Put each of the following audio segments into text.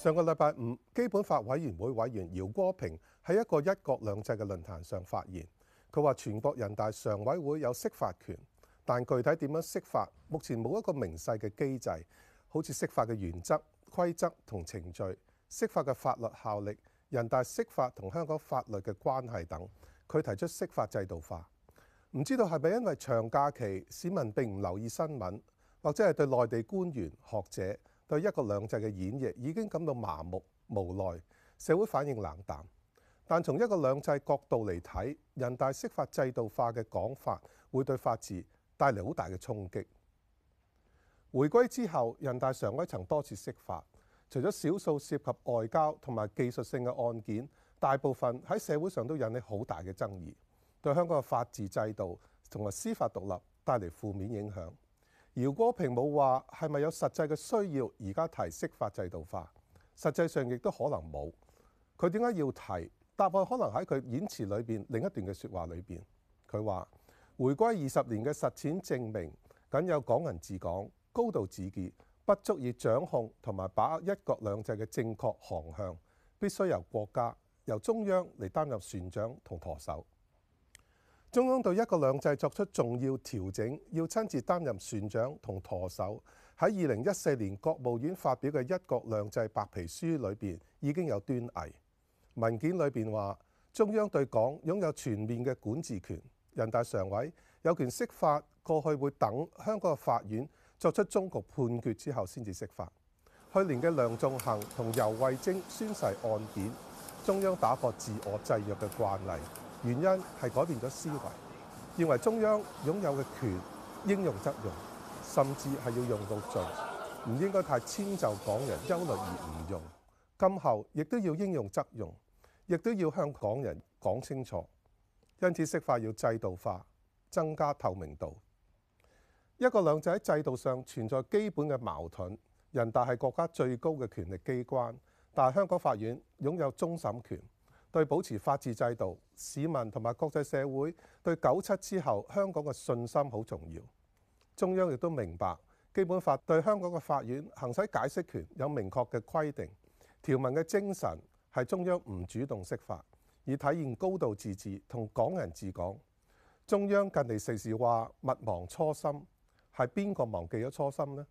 上個禮拜五，基本法委員會委員饒戈平喺一個一國兩制嘅論壇上發言，佢話全國人大常委會有釋法權，但具體點樣釋法，目前冇一個明細嘅機制，好似釋法嘅原則、規則同程序、釋法嘅法律效力、人大釋法同香港法律嘅關係等，佢提出釋法制度化。唔知道係咪因為長假期，市民並唔留意新聞，或者係對內地官員、學者，對一國兩制嘅演繹已經感到麻木無奈，社會反應冷淡。但從一國兩制角度嚟睇，人大釋法制度化嘅講法，會對法治帶嚟好大嘅衝擊。回歸之後，人大常委曾多次釋法，除咗少數涉及外交同埋技術性嘅案件，大部分喺社會上都引起好大嘅爭議，對香港嘅法治制度同埋司法獨立帶嚟負面影響。姚國平冇話係咪有實際嘅需要而家提釋法制度化，實際上亦都可能冇。佢點解要提？答案可能喺佢演詞裏邊另一段嘅説話裏邊，佢話：回歸二十年嘅實踐證明，僅有港人治港、高度自治不足以掌控同埋把握一國兩制嘅正確航向，必須由國家、由中央嚟擔任船長同舵手。中央對一國兩制作出重要調整，要親自擔任船長同舵手。喺二零一四年國務院發表嘅《一國兩制白皮書》裏面已經有端倪。文件裏面話，中央對港擁有全面嘅管治權，人大常委有權釋法，過去會等香港嘅法院作出終局判決之後先至釋法。去年嘅梁頌恆同游蕙禎宣誓案件，中央打破自我制約嘅慣例。原因係改變咗思維，認為中央擁有嘅權應用則用，甚至係要用到盡，唔應該太遷就港人憂慮而唔用。今後亦都要應用則用，亦都要向港人講清楚。因此，釋法要制度化，增加透明度。一國兩制喺制度上存在基本嘅矛盾。人大係國家最高嘅權力機關，但係香港法院擁有終審權。對保持法治制度，市民同埋國際社會對九七之後香港嘅信心好重要。中央亦都明白，基本法對香港嘅法院行使解釋權有明確嘅規定。條文嘅精神係中央唔主動釋法，以體現高度自治同港人治港。中央近嚟時時話勿忘初心，係邊個忘記咗初心呢？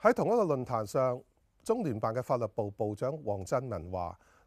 喺同一個論壇上，中聯辦嘅法律部部長王振文話：